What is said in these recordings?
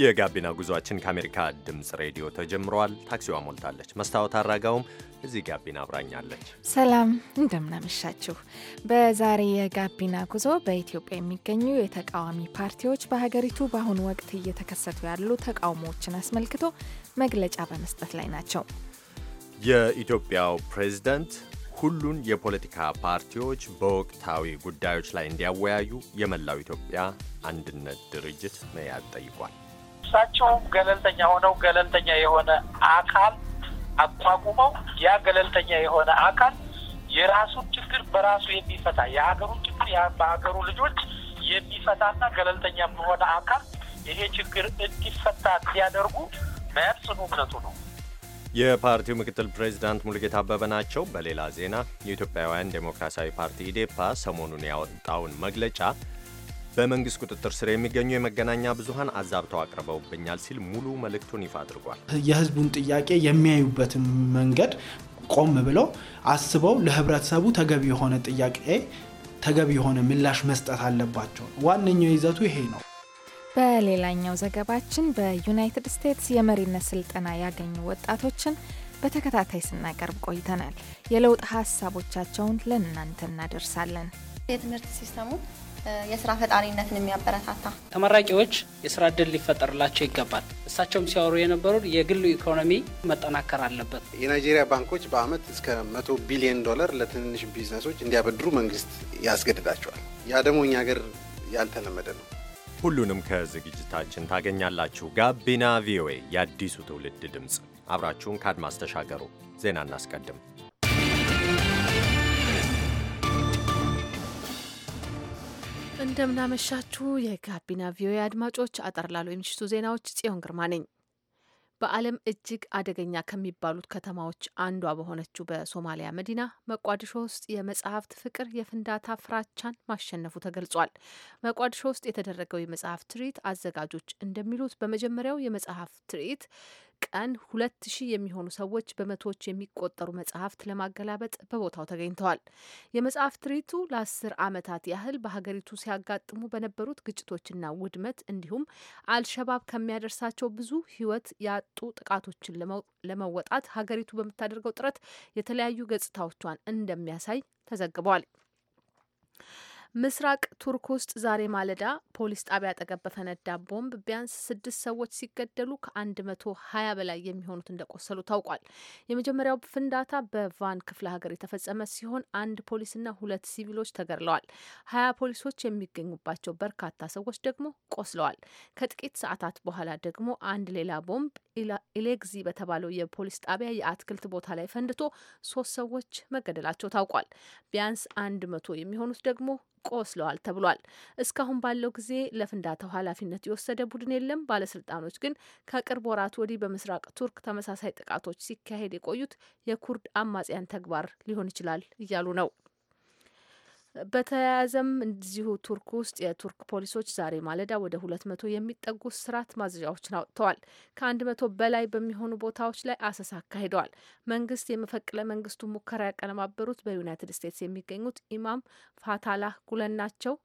የጋቢና ጉዟችን ከአሜሪካ ድምፅ ሬዲዮ ተጀምረዋል። ታክሲዋ ሞልታለች። መስታወት አራጋውም እዚህ ጋቢና አብራኛለች። ሰላም እንደምናመሻችሁ። በዛሬ የጋቢና ጉዞ በኢትዮጵያ የሚገኙ የተቃዋሚ ፓርቲዎች በሀገሪቱ በአሁኑ ወቅት እየተከሰቱ ያሉ ተቃውሞዎችን አስመልክቶ መግለጫ በመስጠት ላይ ናቸው። የኢትዮጵያው ፕሬዝደንት ሁሉን የፖለቲካ ፓርቲዎች በወቅታዊ ጉዳዮች ላይ እንዲያወያዩ የመላው ኢትዮጵያ አንድነት ድርጅት መያዝ ጠይቋል። እሳቸውም ገለልተኛ ሆነው ገለልተኛ የሆነ አካል አቋቁመው ያ ገለልተኛ የሆነ አካል የራሱን ችግር በራሱ የሚፈታ የሀገሩን ችግር በሀገሩ ልጆች የሚፈታና ገለልተኛ የሆነ አካል ይሄ ችግር እንዲፈታ እንዲያደርጉ መያዝ ጽኑ እምነቱ ነው። የፓርቲው ምክትል ፕሬዚዳንት ሙሉጌታ አበበ ናቸው። በሌላ ዜና የኢትዮጵያውያን ዴሞክራሲያዊ ፓርቲ ኢዴፓ ሰሞኑን ያወጣውን መግለጫ በመንግስት ቁጥጥር ስር የሚገኙ የመገናኛ ብዙሀን አዛብተው አቅርበውብኛል ሲል ሙሉ መልእክቱን ይፋ አድርጓል። የህዝቡን ጥያቄ የሚያዩበትን መንገድ ቆም ብለው አስበው ለህብረተሰቡ ተገቢ የሆነ ጥያቄ ተገቢ የሆነ ምላሽ መስጠት አለባቸው። ዋነኛው ይዘቱ ይሄ ነው። በሌላኛው ዘገባችን በዩናይትድ ስቴትስ የመሪነት ስልጠና ያገኙ ወጣቶችን በተከታታይ ስናቀርብ ቆይተናል። የለውጥ ሀሳቦቻቸውን ለእናንተ እናደርሳለን። የትምህርት ሲስተሙ የስራ ፈጣሪነትን የሚያበረታታ ተመራቂዎች የስራ እድል ሊፈጠርላቸው ይገባል። እሳቸውም ሲያወሩ የነበሩት የግሉ ኢኮኖሚ መጠናከር አለበት። የናይጄሪያ ባንኮች በአመት እስከ መቶ ቢሊዮን ዶላር ለትንንሽ ቢዝነሶች እንዲያበድሩ መንግስት ያስገድዳቸዋል። ያ ደግሞ እኛ ሀገር ያልተለመደ ነው። ሁሉንም ከዝግጅታችን ታገኛላችሁ። ጋቢና ቪኦኤ የአዲሱ ትውልድ ድምፅ። አብራችሁን ከአድማስ ተሻገሩ። ዜና እናስቀድም። እንደምናመሻችሁ የጋቢና ቪኦኤ አድማጮች፣ አጠር ላሉ የምሽቱ ዜናዎች ጽዮን ግርማ ነኝ። በዓለም እጅግ አደገኛ ከሚባሉት ከተማዎች አንዷ በሆነችው በሶማሊያ መዲና መቋዲሾ ውስጥ የመጽሐፍት ፍቅር የፍንዳታ ፍራቻን ማሸነፉ ተገልጿል። መቋዲሾ ውስጥ የተደረገው የመጽሐፍ ትርኢት አዘጋጆች እንደሚሉት በመጀመሪያው የመጽሐፍ ትርኢት ቀን ሁለት ሺህ የሚሆኑ ሰዎች በመቶዎች የሚቆጠሩ መጽሐፍት ለማገላበጥ በቦታው ተገኝተዋል። የመጽሐፍት ርኢቱ ለአስር ዓመታት ያህል በሀገሪቱ ሲያጋጥሙ በነበሩት ግጭቶችና ውድመት እንዲሁም አልሸባብ ከሚያደርሳቸው ብዙ ሕይወት ያጡ ጥቃቶችን ለመወጣት ሀገሪቱ በምታደርገው ጥረት የተለያዩ ገጽታዎቿን እንደሚያሳይ ተዘግቧል። ምስራቅ ቱርክ ውስጥ ዛሬ ማለዳ ፖሊስ ጣቢያ አጠገብ በፈነዳ ቦምብ ቢያንስ ስድስት ሰዎች ሲገደሉ ከአንድ መቶ ሀያ በላይ የሚሆኑት እንደቆሰሉ ታውቋል። የመጀመሪያው ፍንዳታ በቫን ክፍለ ሀገር የተፈጸመ ሲሆን አንድ ፖሊስና ሁለት ሲቪሎች ተገድለዋል። ሀያ ፖሊሶች የሚገኙባቸው በርካታ ሰዎች ደግሞ ቆስለዋል። ከጥቂት ሰዓታት በኋላ ደግሞ አንድ ሌላ ቦምብ ኢሌግዚ በተባለው የፖሊስ ጣቢያ የአትክልት ቦታ ላይ ፈንድቶ ሶስት ሰዎች መገደላቸው ታውቋል። ቢያንስ አንድ መቶ የሚሆኑት ደግሞ ቆስለዋል ተብሏል። እስካሁን ባለው ጊዜ ለፍንዳታው ኃላፊነት የወሰደ ቡድን የለም። ባለስልጣኖች ግን ከቅርብ ወራት ወዲህ በምስራቅ ቱርክ ተመሳሳይ ጥቃቶች ሲካሄድ የቆዩት የኩርድ አማጽያን ተግባር ሊሆን ይችላል እያሉ ነው። በተያያዘም እንዲሁ ቱርክ ውስጥ የቱርክ ፖሊሶች ዛሬ ማለዳ ወደ ሁለት መቶ የሚጠጉ ስርዓት ማዘዣዎችን አውጥተዋል። ከአንድ መቶ በላይ በሚሆኑ ቦታዎች ላይ አሰሳ አካሂደዋል። መንግስት የመፈቅለ መንግስቱ ሙከራ ያቀነባበሩት በዩናይትድ ስቴትስ የሚገኙት ኢማም ፋታላህ ጉለን ናቸው።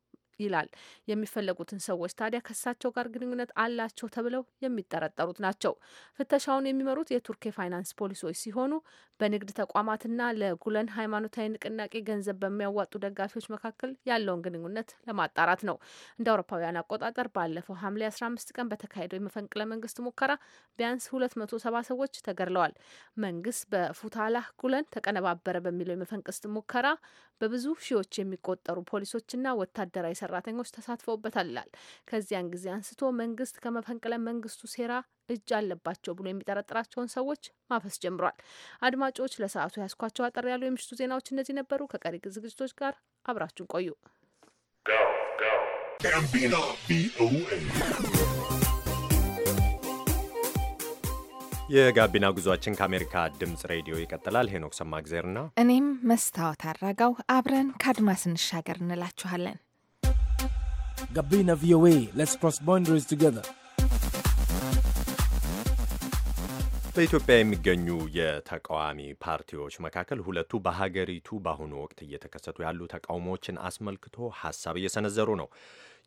ይላል። የሚፈለጉትን ሰዎች ታዲያ ከእሳቸው ጋር ግንኙነት አላቸው ተብለው የሚጠረጠሩት ናቸው። ፍተሻውን የሚመሩት የቱርክ የፋይናንስ ፖሊሶች ሲሆኑ በንግድ ተቋማትና ለጉለን ሃይማኖታዊ ንቅናቄ ገንዘብ በሚያዋጡ ደጋፊዎች መካከል ያለውን ግንኙነት ለማጣራት ነው። እንደ አውሮፓውያን አቆጣጠር ባለፈው ሐምሌ 15 ቀን በተካሄደው የመፈንቅለ መንግስት ሙከራ ቢያንስ 270 ሰዎች ተገድለዋል። መንግስት በፉታላህ ጉለን ተቀነባበረ በሚለው የመፈንቅስት ሙከራ በብዙ ሺዎች የሚቆጠሩ ፖሊሶችና ወታደራዊ ሰራተኞች ተሳትፈውበታል ይላል። ከዚያን ጊዜ አንስቶ መንግስት ከመፈንቅለ መንግስቱ ሴራ እጅ አለባቸው ብሎ የሚጠረጥራቸውን ሰዎች ማፈስ ጀምሯል። አድማጮች፣ ለሰዓቱ ያስኳቸው አጠር ያሉ የምሽቱ ዜናዎች እነዚህ ነበሩ። ከቀሪ ዝግጅቶች ጋር አብራችሁን ቆዩ። የጋቢና ጉዟችን ከአሜሪካ ድምፅ ሬዲዮ ይቀጥላል። ሄኖክ ሰማግዜርና እኔም መስታወት አድረጋው አብረን ከአድማስ እንሻገር እንላችኋለን። Gabina VOA. Let's cross boundaries together. በኢትዮጵያ የሚገኙ የተቃዋሚ ፓርቲዎች መካከል ሁለቱ በሀገሪቱ በአሁኑ ወቅት እየተከሰቱ ያሉ ተቃውሞዎችን አስመልክቶ ሀሳብ እየሰነዘሩ ነው።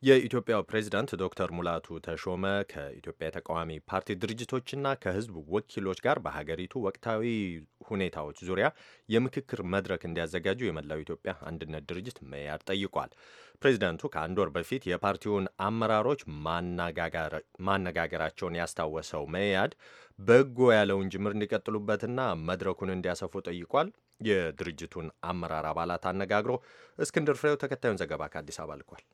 የኢትዮጵያው ፕሬዚዳንት ዶክተር ሙላቱ ተሾመ ከኢትዮጵያ የተቃዋሚ ፓርቲ ድርጅቶችና ከህዝብ ወኪሎች ጋር በሀገሪቱ ወቅታዊ ሁኔታዎች ዙሪያ የምክክር መድረክ እንዲያዘጋጁ የመላው ኢትዮጵያ አንድነት ድርጅት መያድ ጠይቋል። ፕሬዚዳንቱ ከአንድ ወር በፊት የፓርቲውን አመራሮች ማነጋገራቸውን ያስታወሰው መያድ በጎ ያለውን ጅምር እንዲቀጥሉበትና መድረኩን እንዲያሰፉ ጠይቋል። የድርጅቱን አመራር አባላት አነጋግሮ እስክንድር ፍሬው ተከታዩን ዘገባ ከአዲስ አበባ ልኳል።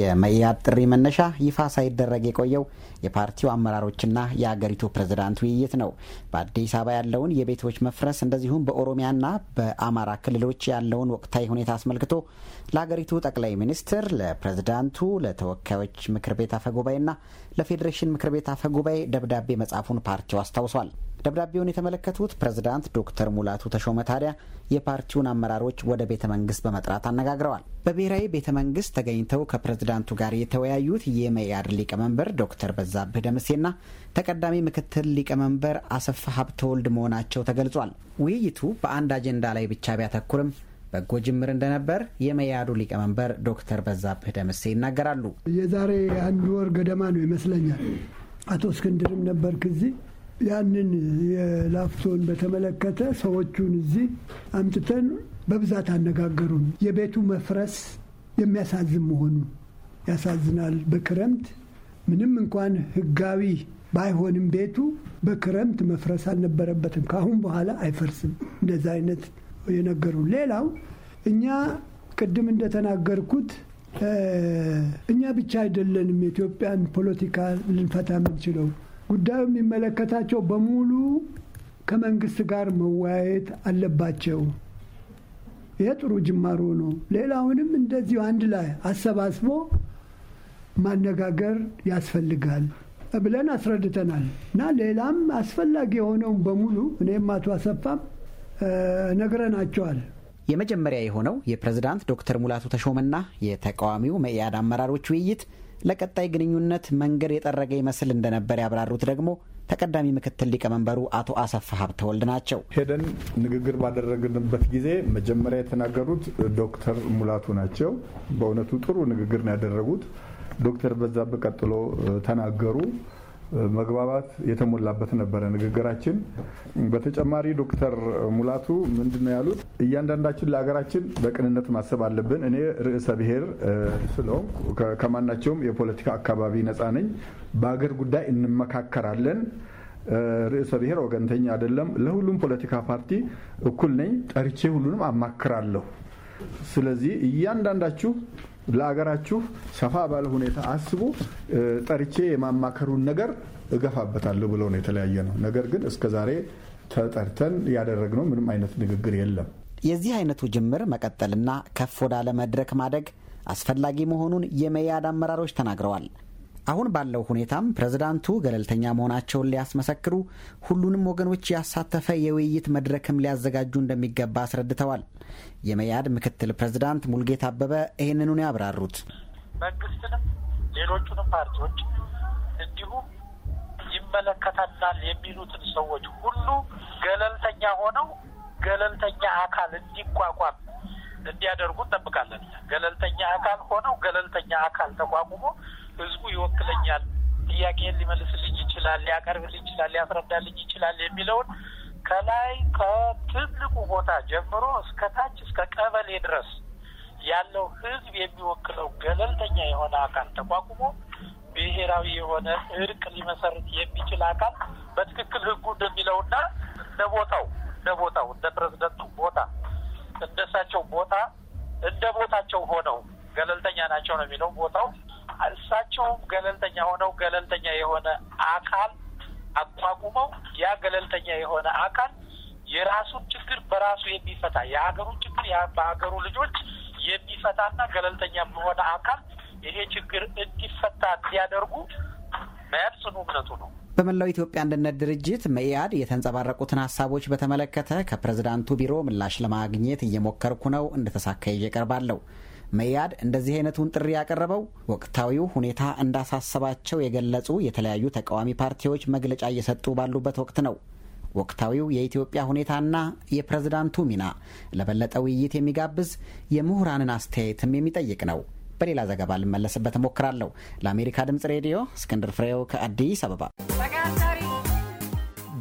የመያድ ጥሪ መነሻ ይፋ ሳይደረግ የቆየው የፓርቲው አመራሮችና የአገሪቱ ፕሬዝዳንት ውይይት ነው። በአዲስ አበባ ያለውን የቤቶች መፍረስ እንደዚሁም በኦሮሚያና በአማራ ክልሎች ያለውን ወቅታዊ ሁኔታ አስመልክቶ ለአገሪቱ ጠቅላይ ሚኒስትር፣ ለፕሬዝዳንቱ፣ ለተወካዮች ምክር ቤት ና። ለፌዴሬሽን ምክር ቤት አፈ ጉባኤ ደብዳቤ መጻፉን ፓርቲው አስታውሷል። ደብዳቤውን የተመለከቱት ፕሬዝዳንት ዶክተር ሙላቱ ተሾመ ታዲያ የፓርቲውን አመራሮች ወደ ቤተ መንግስት በመጥራት አነጋግረዋል። በብሔራዊ ቤተ መንግስት ተገኝተው ከፕሬዝዳንቱ ጋር የተወያዩት የመኢአድ ሊቀመንበር ዶክተር በዛብህ ደምሴና ተቀዳሚ ምክትል ሊቀመንበር አሰፋ ሀብተወልድ መሆናቸው ተገልጿል። ውይይቱ በአንድ አጀንዳ ላይ ብቻ ቢያተኩርም በጎ ጅምር እንደነበር የመያዱ ሊቀመንበር ዶክተር በዛብህ ደምሴ ይናገራሉ። የዛሬ አንድ ወር ገደማ ነው ይመስለኛል። አቶ እስክንድርም ነበር እዚህ ያንን የላፍቶን በተመለከተ ሰዎቹን እዚህ አምጥተን በብዛት አነጋገሩን። የቤቱ መፍረስ የሚያሳዝን መሆኑን ያሳዝናል። በክረምት ምንም እንኳን ሕጋዊ ባይሆንም ቤቱ በክረምት መፍረስ አልነበረበትም። ከአሁን በኋላ አይፈርስም። እንደዚ አይነት የነገሩን። ሌላው እኛ ቅድም እንደተናገርኩት እኛ ብቻ አይደለንም የኢትዮጵያን ፖለቲካ ልንፈታ የምንችለው። ጉዳዩ የሚመለከታቸው በሙሉ ከመንግስት ጋር መወያየት አለባቸው። ይሄ ጥሩ ጅማሮ ነው። ሌላውንም እንደዚሁ አንድ ላይ አሰባስቦ ማነጋገር ያስፈልጋል ብለን አስረድተናል እና ሌላም አስፈላጊ የሆነውን በሙሉ እኔም አቶ አሰፋም ነግረናቸዋል። የመጀመሪያ የሆነው የፕሬዝዳንት ዶክተር ሙላቱ ተሾመና የተቃዋሚው መኢአድ አመራሮች ውይይት ለቀጣይ ግንኙነት መንገድ የጠረገ ይመስል እንደነበር ያብራሩት ደግሞ ተቀዳሚ ምክትል ሊቀመንበሩ አቶ አሰፋ ሀብተወልድ ናቸው። ሄደን ንግግር ባደረግንበት ጊዜ መጀመሪያ የተናገሩት ዶክተር ሙላቱ ናቸው። በእውነቱ ጥሩ ንግግር ነው ያደረጉት። ዶክተር በዛብህ ቀጥሎ ተናገሩ። መግባባት የተሞላበት ነበረ ንግግራችን። በተጨማሪ ዶክተር ሙላቱ ምንድን ነው ያሉት? እያንዳንዳችን ለሀገራችን በቅንነት ማሰብ አለብን። እኔ ርዕሰ ብሔር ስለሆንኩ ከማናቸውም የፖለቲካ አካባቢ ነፃ ነኝ። በሀገር ጉዳይ እንመካከራለን። ርዕሰ ብሔር ወገንተኛ አይደለም። ለሁሉም ፖለቲካ ፓርቲ እኩል ነኝ። ጠርቼ ሁሉንም አማክራለሁ። ስለዚህ እያንዳንዳችሁ ለሀገራችሁ ሰፋ ባለ ሁኔታ አስቦ ጠርቼ የማማከሩን ነገር እገፋበታለሁ ብለው ነው የተለያየ ነው። ነገር ግን እስከዛሬ ተጠርተን ያደረግነው ምንም አይነት ንግግር የለም። የዚህ አይነቱ ጅምር መቀጠልና ከፍ ወዳለ መድረክ ማደግ አስፈላጊ መሆኑን የመያድ አመራሮች ተናግረዋል። አሁን ባለው ሁኔታም ፕሬዝዳንቱ ገለልተኛ መሆናቸውን ሊያስመሰክሩ ሁሉንም ወገኖች ያሳተፈ የውይይት መድረክም ሊያዘጋጁ እንደሚገባ አስረድተዋል። የመያድ ምክትል ፕሬዝዳንት ሙልጌታ አበበ ይህንኑን ያብራሩት መንግስትንም ሌሎቹንም ፓርቲዎች እንዲሁም ይመለከተናል የሚሉትን ሰዎች ሁሉ ገለልተኛ ሆነው ገለልተኛ አካል እንዲቋቋም እንዲያደርጉ እንጠብቃለን። ገለልተኛ አካል ሆነው ገለልተኛ አካል ተቋቁሞ ህዝቡ ይወክለኛል፣ ጥያቄን ሊመልስልኝ ይችላል፣ ሊያቀርብልኝ ይችላል፣ ሊያስረዳልኝ ይችላል የሚለውን ከላይ ከትልቁ ቦታ ጀምሮ እስከ ታች እስከ ቀበሌ ድረስ ያለው ህዝብ የሚወክለው ገለልተኛ የሆነ አካል ተቋቁሞ ብሔራዊ የሆነ እርቅ ሊመሰርት የሚችል አካል በትክክል ህጉ እንደሚለውና እንደ ቦታው እንደ ቦታው እንደ ፕሬዝደንቱ ቦታ እንደሳቸው ቦታ እንደ ቦታቸው ሆነው ገለልተኛ ናቸው ነው የሚለው ቦታው ገለልተኛ ሆነው ገለልተኛ የሆነ አካል አቋቁመው ያ ገለልተኛ የሆነ አካል የራሱን ችግር በራሱ የሚፈታ የሀገሩን ችግር በሀገሩ ልጆች የሚፈታና ገለልተኛ በሆነ አካል ይሄ ችግር እንዲፈታ እንዲያደርጉ መያድ ጽኑ እምነቱ ነው። በመላው ኢትዮጵያ አንድነት ድርጅት መኢአድ የተንጸባረቁትን ሀሳቦች በተመለከተ ከፕሬዝዳንቱ ቢሮ ምላሽ ለማግኘት እየሞከርኩ ነው። እንደተሳካ ይዤ እቀርባለሁ። መያድ እንደዚህ አይነቱን ጥሪ ያቀረበው ወቅታዊው ሁኔታ እንዳሳሰባቸው የገለጹ የተለያዩ ተቃዋሚ ፓርቲዎች መግለጫ እየሰጡ ባሉበት ወቅት ነው። ወቅታዊው የኢትዮጵያ ሁኔታና የፕሬዝዳንቱ ሚና ለበለጠ ውይይት የሚጋብዝ የምሁራንን አስተያየትም የሚጠይቅ ነው። በሌላ ዘገባ ልመለስበት እሞክራለሁ። ለአሜሪካ ድምፅ ሬዲዮ እስክንድር ፍሬው ከአዲስ አበባ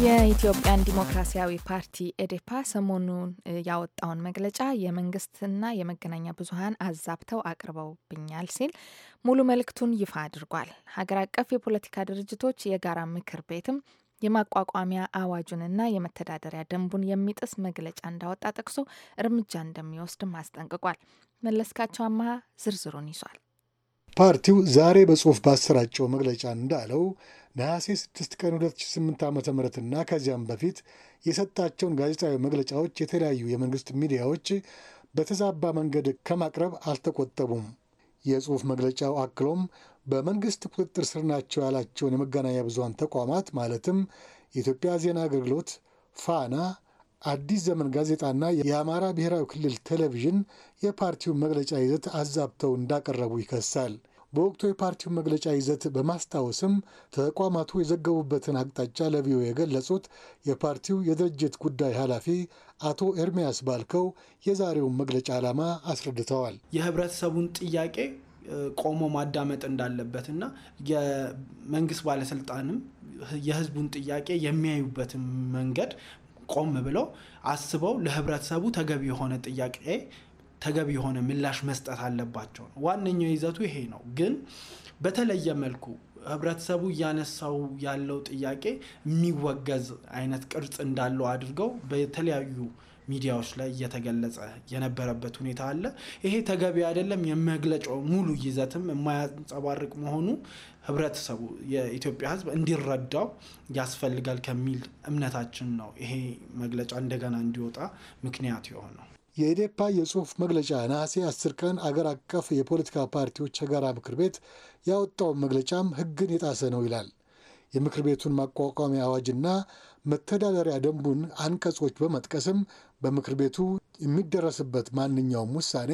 የኢትዮጵያን ዲሞክራሲያዊ ፓርቲ ኤዴፓ ሰሞኑን ያወጣውን መግለጫ የመንግስትና የመገናኛ ብዙኃን አዛብተው አቅርበውብኛል ሲል ሙሉ መልእክቱን ይፋ አድርጓል። ሀገር አቀፍ የፖለቲካ ድርጅቶች የጋራ ምክር ቤትም የማቋቋሚያ አዋጁንና የመተዳደሪያ ደንቡን የሚጥስ መግለጫ እንዳወጣ ጠቅሶ እርምጃ እንደሚወስድም አስጠንቅቋል። መለስካቸው አማሃ ዝርዝሩን ይዟል። ፓርቲው ዛሬ በጽሑፍ ባሰራጨው መግለጫ እንዳለው ነሐሴ 6 ቀን 2008 ዓ ምና ከዚያም በፊት የሰጣቸውን ጋዜጣዊ መግለጫዎች የተለያዩ የመንግስት ሚዲያዎች በተዛባ መንገድ ከማቅረብ አልተቆጠቡም። የጽሑፍ መግለጫው አክሎም በመንግስት ቁጥጥር ስር ናቸው ያላቸውን የመገናኛ ብዙሃን ተቋማት ማለትም የኢትዮጵያ ዜና አገልግሎት፣ ፋና አዲስ ዘመን ጋዜጣና የአማራ ብሔራዊ ክልል ቴሌቪዥን የፓርቲውን መግለጫ ይዘት አዛብተው እንዳቀረቡ ይከሳል። በወቅቱ የፓርቲውን መግለጫ ይዘት በማስታወስም ተቋማቱ የዘገቡበትን አቅጣጫ ለቪኦኤ የገለጹት የፓርቲው የድርጅት ጉዳይ ኃላፊ አቶ ኤርሚያስ ባልከው የዛሬውን መግለጫ ዓላማ አስረድተዋል። የህብረተሰቡን ጥያቄ ቆሞ ማዳመጥ እንዳለበት የመንግስት ባለስልጣንም የህዝቡን ጥያቄ የሚያዩበትን መንገድ ቆም ብለው አስበው ለህብረተሰቡ ተገቢ የሆነ ጥያቄ ተገቢ የሆነ ምላሽ መስጠት አለባቸው ነው ዋነኛው ይዘቱ ይሄ ነው። ግን በተለየ መልኩ ህብረተሰቡ እያነሳው ያለው ጥያቄ የሚወገዝ አይነት ቅርጽ እንዳለው አድርገው በተለያዩ ሚዲያዎች ላይ እየተገለጸ የነበረበት ሁኔታ አለ። ይሄ ተገቢ አይደለም። የመግለጫው ሙሉ ይዘትም የማያንጸባርቅ መሆኑ ህብረተሰቡ፣ የኢትዮጵያ ህዝብ እንዲረዳው ያስፈልጋል ከሚል እምነታችን ነው ይሄ መግለጫ እንደገና እንዲወጣ ምክንያት የሆነው። የኢዴፓ የጽሁፍ መግለጫ ነሐሴ አስር ቀን አገር አቀፍ የፖለቲካ ፓርቲዎች የጋራ ምክር ቤት ያወጣውን መግለጫም ህግን የጣሰ ነው ይላል። የምክር ቤቱን ማቋቋሚያ አዋጅና መተዳደሪያ ደንቡን አንቀጾች በመጥቀስም በምክር ቤቱ የሚደረስበት ማንኛውም ውሳኔ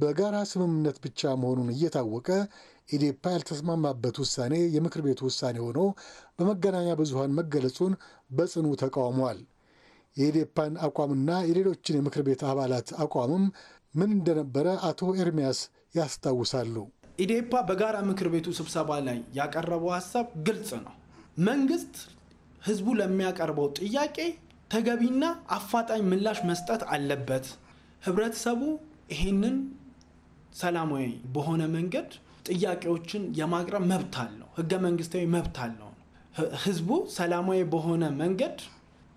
በጋራ ስምምነት ብቻ መሆኑን እየታወቀ ኢዴፓ ያልተስማማበት ውሳኔ የምክር ቤቱ ውሳኔ ሆኖ በመገናኛ ብዙሃን መገለጹን በጽኑ ተቃውሟል። የኢዴፓን አቋምና የሌሎችን የምክር ቤት አባላት አቋምም ምን እንደነበረ አቶ ኤርሚያስ ያስታውሳሉ። ኢዴፓ በጋራ ምክር ቤቱ ስብሰባ ላይ ያቀረበው ሀሳብ ግልጽ ነው። መንግስት ህዝቡ ለሚያቀርበው ጥያቄ ተገቢና አፋጣኝ ምላሽ መስጠት አለበት። ህብረተሰቡ ይሄንን ሰላማዊ በሆነ መንገድ ጥያቄዎችን የማቅረብ መብት አለው፣ ህገ መንግስታዊ መብት አለው። ህዝቡ ሰላማዊ በሆነ መንገድ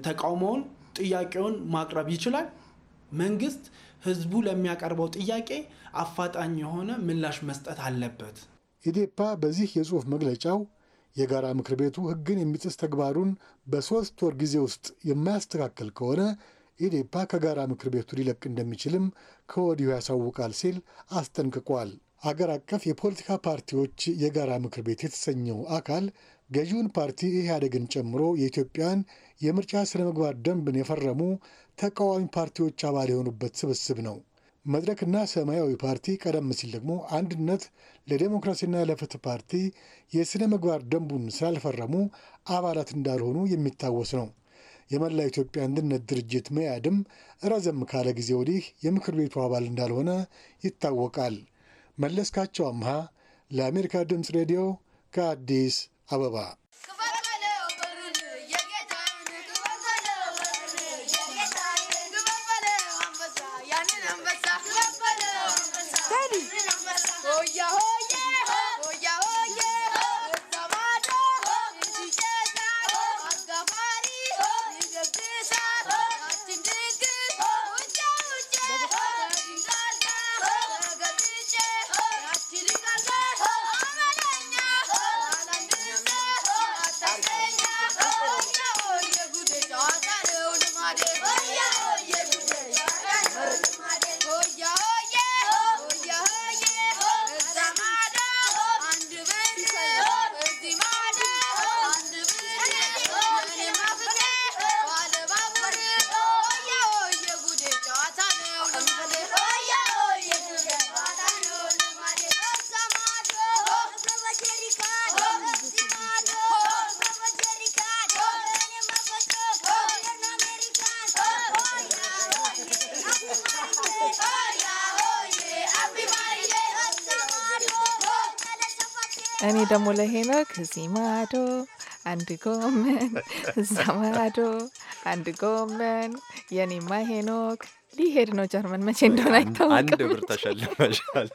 ተቃውሞውን፣ ጥያቄውን ማቅረብ ይችላል። መንግስት ህዝቡ ለሚያቀርበው ጥያቄ አፋጣኝ የሆነ ምላሽ መስጠት አለበት። ኢዴፓ በዚህ የጽሑፍ መግለጫው የጋራ ምክር ቤቱ ሕግን የሚጥስ ተግባሩን በሦስት ወር ጊዜ ውስጥ የማያስተካከል ከሆነ ኢዴፓ ከጋራ ምክር ቤቱ ሊለቅ እንደሚችልም ከወዲሁ ያሳውቃል ሲል አስጠንቅቋል። አገር አቀፍ የፖለቲካ ፓርቲዎች የጋራ ምክር ቤት የተሰኘው አካል ገዢውን ፓርቲ ኢህአዴግን ጨምሮ የኢትዮጵያን የምርጫ ስነ ምግባር ደንብን የፈረሙ ተቃዋሚ ፓርቲዎች አባል የሆኑበት ስብስብ ነው። መድረክና ሰማያዊ ፓርቲ ቀደም ሲል ደግሞ አንድነት ለዴሞክራሲና ለፍትህ ፓርቲ የሥነ ምግባር ደንቡን ስላልፈረሙ አባላት እንዳልሆኑ የሚታወስ ነው። የመላ ኢትዮጵያ አንድነት ድርጅት መያድም ረዘም ካለ ጊዜ ወዲህ የምክር ቤቱ አባል እንዳልሆነ ይታወቃል። መለስካቸው አምሃ ለአሜሪካ ድምፅ ሬዲዮ ከአዲስ አበባ ደግሞ ለሄኖክ እዚህ ማዶ አንድ ጎመን እዛ ማዶ አንድ ጎመን የኔማ ሄኖክ ሊሄድ ነው ጀርመን መቼ እንደሆነ አይታወቅም። አንድ ብር ተሸልመሻል።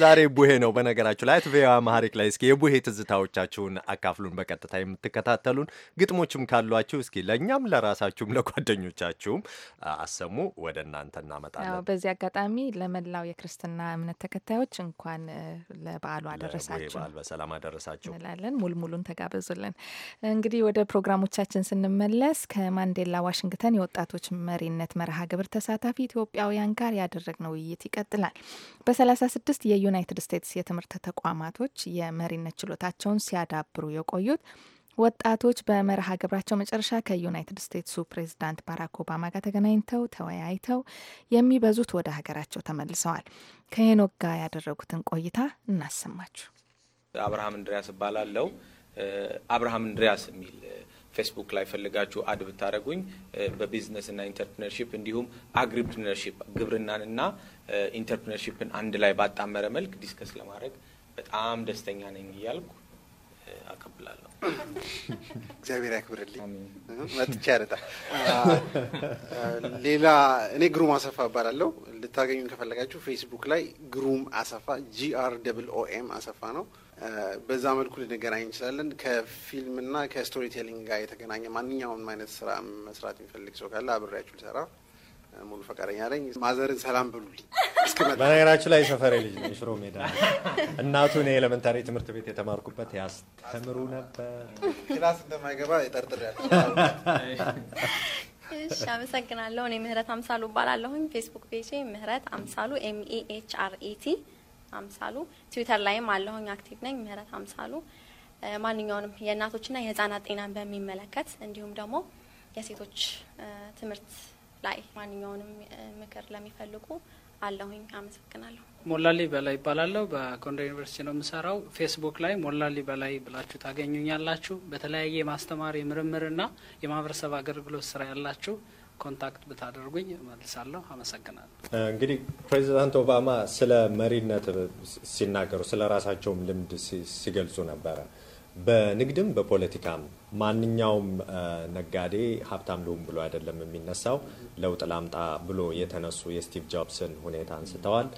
ዛሬ ቡሄ ነው በነገራችሁ ላይ ትቪያ ማሐሪክ ላይ እስኪ የቡሄ ትዝታዎቻችሁን አካፍሉን። በቀጥታ የምትከታተሉን ግጥሞችም ካሏችሁ እስኪ ለእኛም ለራሳችሁም ለጓደኞቻችሁም አሰሙ፣ ወደ እናንተ እናመጣለን። በዚህ አጋጣሚ ለመላው የክርስትና እምነት ተከታዮች እንኳን ለበዓሉ አደረሳችሁ በዓል በሰላም አደረሳችሁ እንላለን። ሙልሙሉን ተጋበዙልን። እንግዲህ ወደ ፕሮግራሞቻችን ስንመለስ ከማንዴላ ዋሽንግተን የወጣቶች መሪነት መርሃ ግብር ተሳታፊ ኢትዮጵያውያን ጋር ያደረግነው ውይይት ይቀጥላል። በ36 የዩናይትድ ስቴትስ የትምህርት ተቋማቶች የመሪነት ችሎታቸውን ሲያዳብሩ የቆዩት ወጣቶች በመርሃ ግብራቸው መጨረሻ ከዩናይትድ ስቴትሱ ፕሬዚዳንት ባራክ ኦባማ ጋር ተገናኝተው ተወያይተው የሚበዙት ወደ ሀገራቸው ተመልሰዋል። ከሄኖክ ጋር ያደረጉትን ቆይታ እናሰማችሁ። አብርሃም እንድሪያስ እባላለሁ። አብርሃም እንድሪያስ የሚል ፌስቡክ ላይ ፈልጋችሁ አድ ብታደረጉኝ በቢዝነስና ኢንተርፕሪነርሺፕ እንዲሁም አግሪፕሪነርሺፕ ግብርናንና ኢንተርፕሪነርሺፕን አንድ ላይ ባጣመረ መልክ ዲስከስ ለማድረግ በጣም ደስተኛ ነኝ እያልኩ አቀብላለሁ። እግዚአብሔር ያክብርልኝ። መጥቻ ያረጣ ሌላ እኔ ግሩም አሰፋ እባላለሁ። ልታገኙን ከፈለጋችሁ ፌስቡክ ላይ ግሩም አሰፋ ጂአር ደብል ኦኤም አሰፋ ነው። በዛ መልኩ ልንገናኝ እንችላለን። ከፊልምና ከስቶሪ ቴሊንግ ጋር የተገናኘ ማንኛውም አይነት ስራ መስራት የሚፈልግ ሰው ካለ አብሬያችሁ ልሰራ ሙሉ ፈቃደኛ ነኝ። ማዘርን ሰላም በሉልኝ። በነገራችሁ ላይ ሰፈሬ ልጅ ነው፣ ሽሮ ሜዳ እናቱ። እኔ ኤሌመንታሪ ትምህርት ቤት የተማርኩበት ያስተምሩ ነበር። ክላስ እንደማይገባ የጠርጥር እሺ፣ አመሰግናለሁ። እኔ ምህረት አምሳሉ እባላለሁኝ። ፌስቡክ ፔጅ ምህረት አምሳሉ ኤምኤኤች አርኢቲ አምሳሉ። ትዊተር ላይም አለሁኝ አክቲቭ ነኝ፣ ምህረት አምሳሉ። ማንኛውንም የእናቶችና የህጻናት ጤናን በሚመለከት እንዲሁም ደግሞ የሴቶች ትምህርት ላይ ማንኛውንም ምክር ለሚፈልጉ አለሁኝ። አመሰግናለሁ። ሞላሌ በላይ ይባላለሁ። በጎንደር ዩኒቨርሲቲ ነው የምሰራው። ፌስቡክ ላይ ሞላሌ በላይ ብላችሁ ታገኙኛላችሁ። በተለያየ የማስተማር የምርምርና የማህበረሰብ አገልግሎት ስራ ያላችሁ ኮንታክት ብታደርጉኝ መልሳለሁ። አመሰግናለሁ። እንግዲህ ፕሬዚዳንት ኦባማ ስለ መሪነት ሲናገሩ ስለ ራሳቸውም ልምድ ሲገልጹ ነበረ በንግድም በፖለቲካም ማንኛውም ነጋዴ ሀብታም ልሁም ብሎ አይደለም የሚነሳው። ለውጥ ላምጣ ብሎ የተነሱ የስቲቭ ጆብስን ሁኔታ አንስተዋል።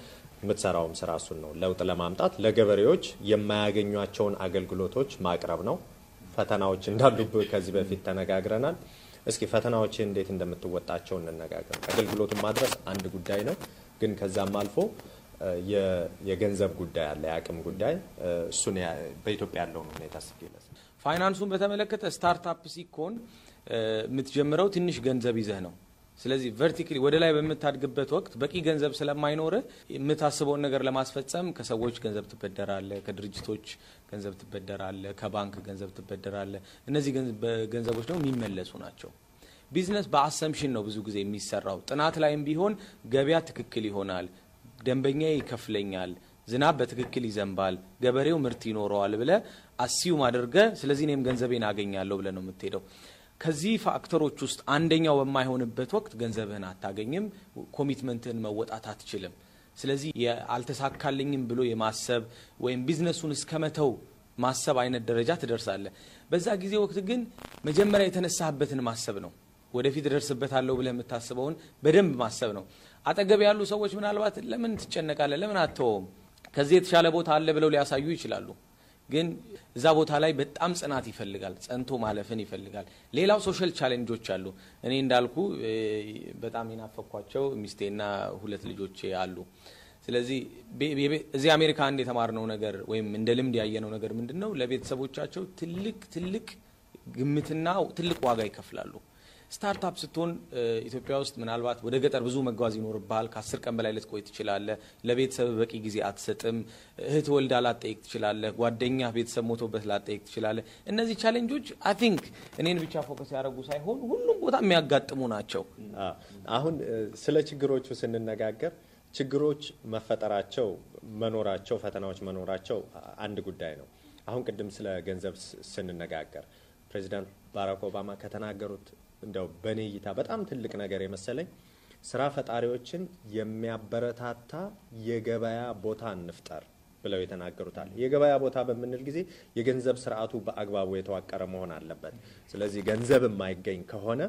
የምትሰራውም ስራ እሱን ነው። ለውጥ ለማምጣት ለገበሬዎች የማያገኟቸውን አገልግሎቶች ማቅረብ ነው። ፈተናዎች እንዳሉብህ ከዚህ በፊት ተነጋግረናል። እስኪ ፈተናዎች እንዴት እንደምትወጣቸው እንነጋገር። አገልግሎቱን ማድረስ አንድ ጉዳይ ነው፣ ግን ከዛም አልፎ የገንዘብ ጉዳይ አለ፣ የአቅም ጉዳይ። እሱን በኢትዮጵያ ያለውን ሁኔታ ስትገለጽ ፋይናንሱን በተመለከተ ስታርታፕ ሲኮን የምትጀምረው ትንሽ ገንዘብ ይዘህ ነው። ስለዚህ ቨርቲካሊ ወደ ላይ በምታድግበት ወቅት በቂ ገንዘብ ስለማይኖረ የምታስበውን ነገር ለማስፈጸም ከሰዎች ገንዘብ ትበደራለ ከድርጅቶች ገንዘብ ትበደራለ ከባንክ ገንዘብ ትበደራለ እነዚህ ገንዘቦች ደግሞ የሚመለሱ ናቸው። ቢዝነስ በአሰምሽን ነው ብዙ ጊዜ የሚሰራው። ጥናት ላይም ቢሆን ገበያ ትክክል ይሆናል ደንበኛ ይከፍለኛል፣ ዝናብ በትክክል ይዘንባል፣ ገበሬው ምርት ይኖረዋል ብለ አሲዩም አድርገ ስለዚህ እኔም ገንዘቤን አገኛለሁ ብለ ነው የምትሄደው። ከዚህ ፋክተሮች ውስጥ አንደኛው በማይሆንበት ወቅት ገንዘብህን አታገኝም፣ ኮሚትመንትህን መወጣት አትችልም። ስለዚህ አልተሳካልኝም ብሎ የማሰብ ወይም ቢዝነሱን እስከመተው ማሰብ አይነት ደረጃ ትደርሳለ በዛ ጊዜ ወቅት ግን መጀመሪያ የተነሳህበትን ማሰብ ነው። ወደፊት ደርስበታለሁ ብለህ የምታስበውን በደንብ ማሰብ ነው። አጠገብ ያሉ ሰዎች ምናልባት ለምን ትጨነቃለ ለምን አተወውም ከዚህ የተሻለ ቦታ አለ ብለው ሊያሳዩ ይችላሉ። ግን እዛ ቦታ ላይ በጣም ጽናት ይፈልጋል። ጸንቶ ማለፍን ይፈልጋል። ሌላው ሶሻል ቻሌንጆች አሉ። እኔ እንዳልኩ በጣም የናፈኳቸው ሚስቴና ሁለት ልጆቼ አሉ። ስለዚህ እዚህ አሜሪካ አንድ የተማርነው ነገር ወይም እንደ ልምድ ያየነው ነገር ምንድን ነው? ለቤተሰቦቻቸው ትልቅ ትልቅ ግምትና ትልቅ ዋጋ ይከፍላሉ። ስታርታፕ ስትሆን ኢትዮጵያ ውስጥ ምናልባት ወደ ገጠር ብዙ መጓዝ ይኖርብሃል። ከአስር ቀን በላይ ልትቆይ ትችላለህ። ለቤተሰብ በቂ ጊዜ አትሰጥም። እህት ወልዳ ላጠይቅ ትችላለህ። ጓደኛ ቤተሰብ ሞቶበት ላጠይቅ ትችላለህ። እነዚህ ቻሌንጆች አይ ቲንክ እኔን ብቻ ፎከስ ያደረጉ ሳይሆን ሁሉም ቦታ የሚያጋጥሙ ናቸው። አሁን ስለ ችግሮቹ ስንነጋገር ችግሮች መፈጠራቸው መኖራቸው፣ ፈተናዎች መኖራቸው አንድ ጉዳይ ነው። አሁን ቅድም ስለ ገንዘብ ስንነጋገር ፕሬዚዳንት ባራክ ኦባማ ከተናገሩት እንደው በእኔ እይታ በጣም ትልቅ ነገር የመሰለኝ ስራ ፈጣሪዎችን የሚያበረታታ የገበያ ቦታ እንፍጠር ብለው የተናገሩታል። የገበያ ቦታ በምንል ጊዜ የገንዘብ ስርዓቱ በአግባቡ የተዋቀረ መሆን አለበት። ስለዚህ ገንዘብ የማይገኝ ከሆነ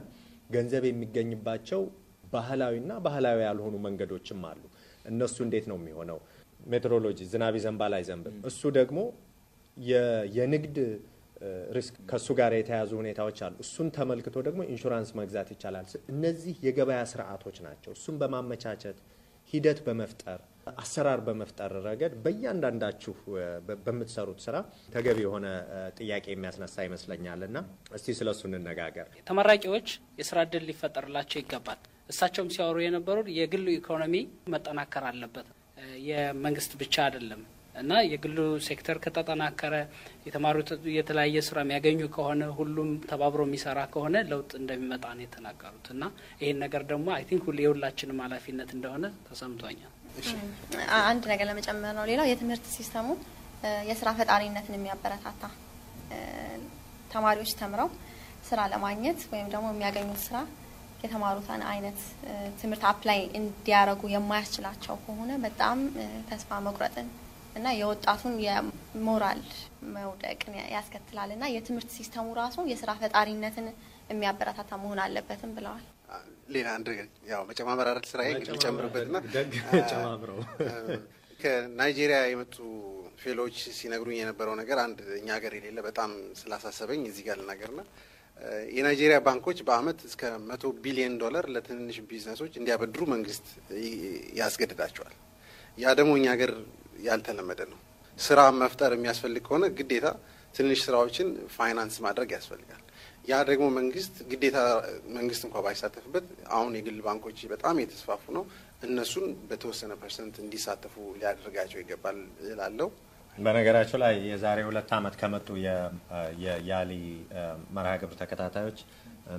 ገንዘብ የሚገኝባቸው ባህላዊና ባህላዊ ያልሆኑ መንገዶችም አሉ። እነሱ እንዴት ነው የሚሆነው? ሜትሮሎጂ ዝናብ ይዘንባል አይዘንብም። እሱ ደግሞ የንግድ ሪስክ ከሱ ጋር የተያዙ ሁኔታዎች አሉ። እሱን ተመልክቶ ደግሞ ኢንሹራንስ መግዛት ይቻላል። እነዚህ የገበያ ስርዓቶች ናቸው። እሱን በማመቻቸት ሂደት በመፍጠር አሰራር በመፍጠር ረገድ በእያንዳንዳችሁ በምትሰሩት ስራ ተገቢ የሆነ ጥያቄ የሚያስነሳ ይመስለኛል እና እስቲ ስለ እሱ እንነጋገር። ተመራቂዎች የስራ እድል ሊፈጠርላቸው ይገባል። እሳቸውም ሲያወሩ የነበሩት የግሉ ኢኮኖሚ መጠናከር አለበት፣ የመንግስት ብቻ አይደለም። እና የግሉ ሴክተር ከተጠናከረ የተማሩት የተለያየ ስራ የሚያገኙ ከሆነ ሁሉም ተባብሮ የሚሰራ ከሆነ ለውጥ እንደሚመጣ ነው የተናገሩት። እና ይህን ነገር ደግሞ አይ ቲንክ የሁላችንም ኃላፊነት እንደሆነ ተሰምቶኛል። አንድ ነገር ለመጨመር ነው። ሌላው የትምህርት ሲስተሙ የስራ ፈጣሪነትን የሚያበረታታ ተማሪዎች ተምረው ስራ ለማግኘት ወይም ደግሞ የሚያገኙት ስራ የተማሩትን አይነት ትምህርት አፕላይ እንዲያደርጉ የማያስችላቸው ከሆነ በጣም ተስፋ መቁረጥን እና የወጣቱን የሞራል መውደቅን ያስከትላል እና የትምህርት ሲስተሙ ራሱ የስራ ፈጣሪነትን የሚያበረታታ መሆን አለበትም ብለዋል። ሌላ አንድ ያው መጨማመር ስራ ልጨምርበት ና ከናይጄሪያ የመጡ ፌሎች ሲነግሩኝ የነበረው ነገር አንድ እኛ ሀገር የሌለ በጣም ስላሳሰበኝ እዚህ ጋር ልናገር ና የናይጄሪያ ባንኮች በአመት እስከ መቶ ቢሊዮን ዶላር ለትንንሽ ቢዝነሶች እንዲያበድሩ መንግስት ያስገድዳቸዋል። ያ ደግሞ እኛ ሀገር ያልተለመደ ነው። ስራ መፍጠር የሚያስፈልግ ከሆነ ግዴታ ትንሽ ስራዎችን ፋይናንስ ማድረግ ያስፈልጋል። ያ ደግሞ መንግስት ግዴታ መንግስት እንኳ ባይሳተፍበት አሁን የግል ባንኮች በጣም የተስፋፉ ነው። እነሱን በተወሰነ ፐርሰንት እንዲሳተፉ ሊያደርጋቸው ይገባል እላለሁ። በነገራቸው ላይ የዛሬ ሁለት ዓመት ከመጡ የያሊ መርሃ ግብር ተከታታዮች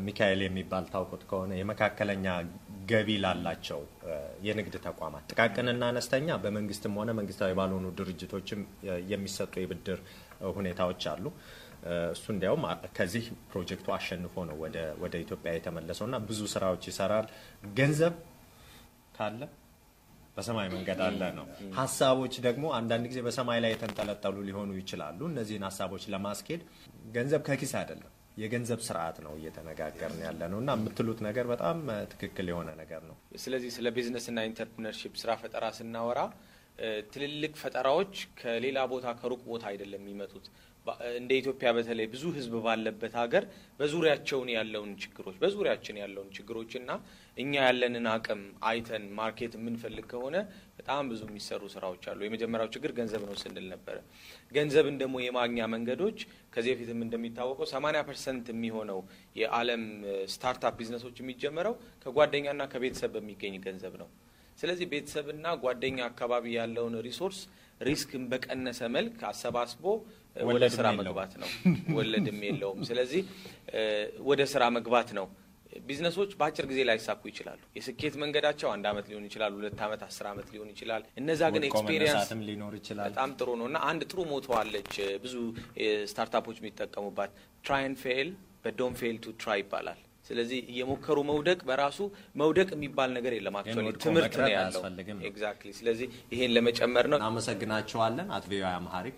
ሚካኤል የሚባል ታውቁት ከሆነ የመካከለኛ ገቢ ላላቸው የንግድ ተቋማት ጥቃቅንና አነስተኛ በመንግስትም ሆነ መንግስታዊ ባልሆኑ ድርጅቶችም የሚሰጡ የብድር ሁኔታዎች አሉ። እሱ እንዲያውም ከዚህ ፕሮጀክቱ አሸንፎ ነው ወደ ኢትዮጵያ የተመለሰው እና ብዙ ስራዎች ይሰራል። ገንዘብ ካለ በሰማይ መንገድ አለ ነው። ሀሳቦች ደግሞ አንዳንድ ጊዜ በሰማይ ላይ የተንጠለጠሉ ሊሆኑ ይችላሉ። እነዚህን ሀሳቦች ለማስኬድ ገንዘብ ከኪስ አይደለም የገንዘብ ስርዓት ነው እየተነጋገርን ያለ ነው እና የምትሉት ነገር በጣም ትክክል የሆነ ነገር ነው። ስለዚህ ስለ ቢዝነስና ኢንተርፕርነርሺፕ ስራ ፈጠራ ስናወራ ትልልቅ ፈጠራዎች ከሌላ ቦታ ከሩቅ ቦታ አይደለም የሚመጡት። እንደ ኢትዮጵያ በተለይ ብዙ ህዝብ ባለበት ሀገር በዙሪያቸውን ያለውን ችግሮች በዙሪያችን ያለውን ችግሮች እና እኛ ያለንን አቅም አይተን ማርኬት የምንፈልግ ከሆነ በጣም ብዙ የሚሰሩ ስራዎች አሉ። የመጀመሪያው ችግር ገንዘብ ነው ስንል ነበረ። ገንዘብን ደግሞ የማግኛ መንገዶች ከዚህ በፊትም እንደሚታወቀው 80 ፐርሰንት የሚሆነው የዓለም ስታርታፕ ቢዝነሶች የሚጀመረው ከጓደኛና ከቤተሰብ በሚገኝ ገንዘብ ነው። ስለዚህ ቤተሰብና ጓደኛ አካባቢ ያለውን ሪሶርስ ሪስክን በቀነሰ መልክ አሰባስቦ ወደ ስራ መግባት ነው። ወለድም የለውም። ስለዚህ ወደ ስራ መግባት ነው። ቢዝነሶች በአጭር ጊዜ ላይሳኩ ይችላሉ። የስኬት መንገዳቸው አንድ አመት ሊሆን ይችላል፣ ሁለት አመት፣ አስር አመት ሊሆን ይችላል። እነዛ ግን ኤክስፔሪንስ ሊኖር ይችላል። በጣም ጥሩ ነው እና አንድ ጥሩ ሞቶ አለች ብዙ ስታርታፖች የሚጠቀሙባት ትራይን ፌል በዶን ፌል ቱ ትራይ ይባላል። ስለዚህ እየሞከሩ መውደቅ በራሱ መውደቅ የሚባል ነገር የለም። አክቹዋሊ ትምህርት ነው ያለው። ኤግዛክትሊ። ስለዚህ ይሄን ለመጨመር ነው። እናመሰግናቸዋለን። አቶ ቪኦኤ አማሪክ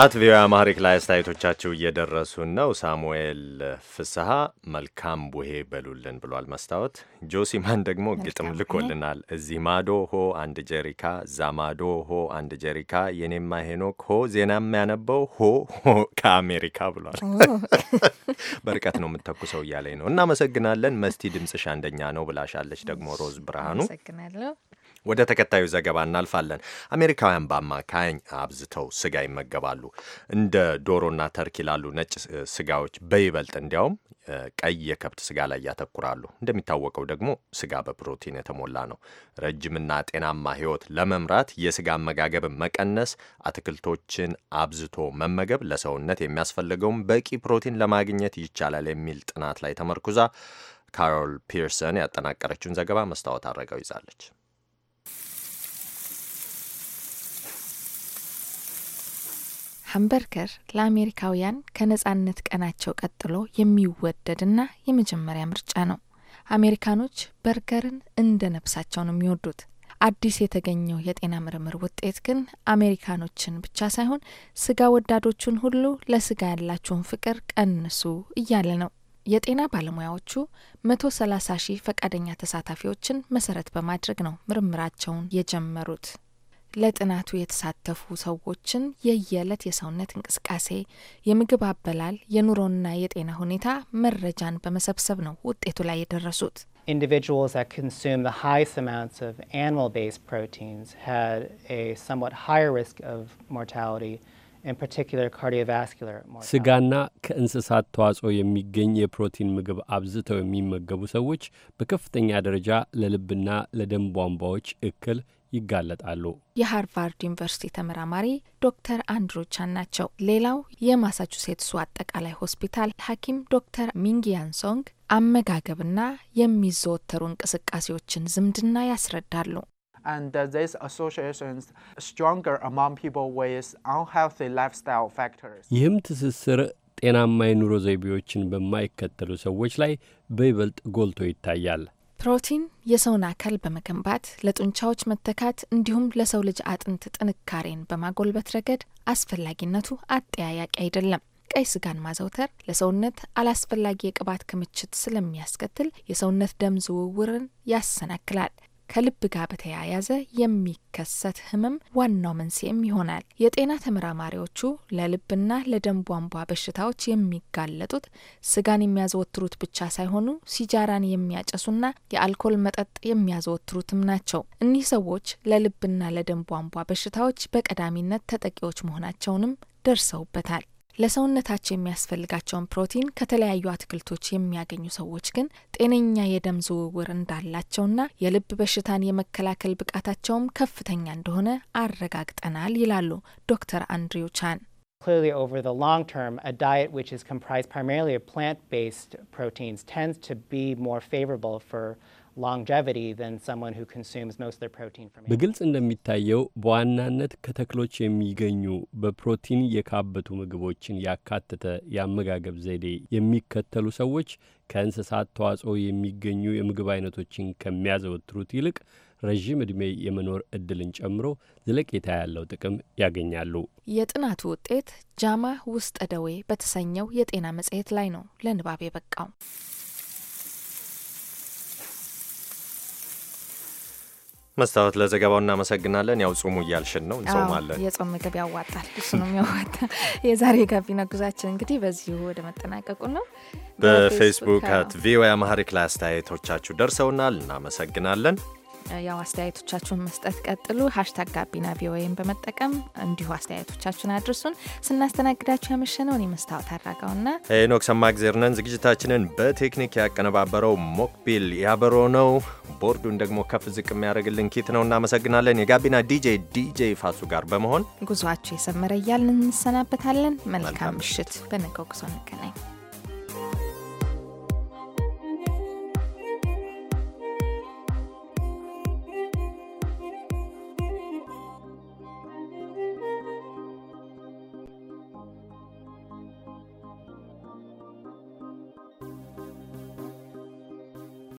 አት ቪኦኤ አማሪክ ላይ አስተያየቶቻችሁ እየደረሱን ነው። ሳሙኤል ፍስሀ መልካም ቡሄ በሉልን ብሏል። መስታወት ጆሲማን ደግሞ ግጥም ልኮልናል። እዚህ ማዶ ሆ አንድ ጀሪካ፣ ዛማዶ ሆ አንድ ጀሪካ፣ የኔማ ሄኖክ ሆ ዜና የሚያነበው ሆ ሆ ከአሜሪካ ብሏል። በርቀት ነው የምተኩሰው እያለኝ ነው። እናመሰግናለን። መስቲ ድምፅሽ አንደኛ ነው ብላሻለች። ደግሞ ሮዝ ብርሃኑ ወደ ተከታዩ ዘገባ እናልፋለን። አሜሪካውያን በአማካኝ አብዝተው ስጋ ይመገባሉ። እንደ ዶሮና ተርኪ ላሉ ነጭ ስጋዎች በይበልጥ እንዲያውም ቀይ የከብት ስጋ ላይ ያተኩራሉ። እንደሚታወቀው ደግሞ ስጋ በፕሮቲን የተሞላ ነው። ረጅምና ጤናማ ህይወት ለመምራት የስጋ አመጋገብ መቀነስ፣ አትክልቶችን አብዝቶ መመገብ ለሰውነት የሚያስፈልገውን በቂ ፕሮቲን ለማግኘት ይቻላል የሚል ጥናት ላይ ተመርኩዛ ካሮል ፒርሰን ያጠናቀረችውን ዘገባ መስታወት አድረገው ይዛለች። ሃምበርከር ለአሜሪካውያን ከነጻነት ቀናቸው ቀጥሎ የሚወደድና የመጀመሪያ ምርጫ ነው። አሜሪካኖች በርገርን እንደ ነፍሳቸው ነው የሚወዱት። አዲስ የተገኘው የጤና ምርምር ውጤት ግን አሜሪካኖችን ብቻ ሳይሆን ስጋ ወዳዶቹን ሁሉ ለስጋ ያላቸውን ፍቅር ቀንሱ እያለ ነው። የጤና ባለሙያዎቹ መቶ ሰላሳ ሺህ ፈቃደኛ ተሳታፊዎችን መሰረት በማድረግ ነው ምርምራቸውን የጀመሩት። ለጥናቱ የተሳተፉ ሰዎችን የየዕለት የሰውነት እንቅስቃሴ፣ የምግብ አበላል፣ የኑሮና የጤና ሁኔታ መረጃን በመሰብሰብ ነው ውጤቱ ላይ የደረሱት። Individuals that consume the highest amounts of animal-based proteins had a somewhat higher risk of mortality. in particular cardiovascular mortality. ስጋና ከእንስሳት ተዋጽኦ የሚገኝ የፕሮቲን ምግብ አብዝተው የሚመገቡ ሰዎች በከፍተኛ ደረጃ ለልብና ለደም ቧንቧዎች እክል ይጋለጣሉ። የሃርቫርድ ዩኒቨርሲቲ ተመራማሪ ዶክተር አንድሮ ቻን ናቸው። ሌላው የማሳቹሴትሱ አጠቃላይ ሆስፒታል ሐኪም ዶክተር ሶንግ አመጋገብና የሚዘወተሩ እንቅስቃሴዎችን ዝምድና ያስረዳሉ። and uh, these associations stronger among people with unhealthy lifestyle factors. ይህም ትስስር ጤናማ የኑሮ ዘይቤዎችን በማይከተሉ ሰዎች ላይ በይበልጥ ጎልቶ ይታያል። ፕሮቲን የሰውን አካል በመገንባት ለጡንቻዎች መተካት እንዲሁም ለሰው ልጅ አጥንት ጥንካሬን በማጎልበት ረገድ አስፈላጊነቱ አጠያያቂ አይደለም። ቀይ ስጋን ማዘውተር ለሰውነት አላስፈላጊ የቅባት ክምችት ስለሚያስከትል የሰውነት ደም ዝውውርን ያሰናክላል። ከልብ ጋር በተያያዘ የሚከሰት ህመም ዋናው መንስኤም ይሆናል። የጤና ተመራማሪዎቹ ለልብና ለደም ቧንቧ በሽታዎች የሚጋለጡት ስጋን የሚያዘወትሩት ብቻ ሳይሆኑ ሲጃራን የሚያጨሱና የአልኮል መጠጥ የሚያዘወትሩትም ናቸው። እኒህ ሰዎች ለልብና ለደም ቧንቧ በሽታዎች በቀዳሚነት ተጠቂዎች መሆናቸውንም ደርሰውበታል። ለሰውነታቸው የሚያስፈልጋቸውን ፕሮቲን ከተለያዩ አትክልቶች የሚያገኙ ሰዎች ግን ጤነኛ የደም ዝውውር እንዳላቸውና የልብ በሽታን የመከላከል ብቃታቸውም ከፍተኛ እንደሆነ አረጋግጠናል ይላሉ ዶክተር አንድሪው ቻን። Clearly, over the long term, a diet which is comprised primarily of plant based proteins tends to be more favorable for በግልጽ እንደሚታየው በዋናነት ከተክሎች የሚገኙ በፕሮቲን የካበቱ ምግቦችን ያካተተ የአመጋገብ ዘዴ የሚከተሉ ሰዎች ከእንስሳት ተዋጽኦ የሚገኙ የምግብ አይነቶችን ከሚያዘወትሩት ይልቅ ረዥም ዕድሜ የመኖር እድልን ጨምሮ ዘለቄታ ያለው ጥቅም ያገኛሉ። የጥናቱ ውጤት ጃማ ውስጠ ደዌ በተሰኘው የጤና መጽሔት ላይ ነው ለንባብ የበቃው። መስታወት ለዘገባው እናመሰግናለን። ያው ጾሙ እያልሽን ነው፣ እንጾማለን። የጾም ምግብ ያዋጣል፣ እሱ ነው የሚያዋጣ። የዛሬ ጋቢና ጉዟችን እንግዲህ በዚሁ ወደ መጠናቀቁ ነው። በፌስቡክ አት ቪኦኤ አማሪክ ላይ አስተያየቶቻችሁ ደርሰውናል፣ እናመሰግናለን። ያው አስተያየቶቻችሁን መስጠት ቀጥሉ። ሀሽታግ ጋቢና ቪኦኤም በመጠቀም እንዲሁ አስተያየቶቻችሁን አድርሱን። ስናስተናግዳችሁ ያመሸነው እኔ መስታወት አድራጋውና ሄኖክ ሰማእግዜር ነን። ዝግጅታችንን በቴክኒክ ያቀነባበረው ሞክቢል ያበሮ ነው። ቦርዱን ደግሞ ከፍ ዝቅ የሚያደርግልን ኪት ነው። እናመሰግናለን። የጋቢና ዲጄ ዲጄ ፋሱ ጋር በመሆን ጉዟችሁ የሰመረ እያልን እንሰናበታለን። መልካም ምሽት። በነገው ጉዞ እንገናኝ።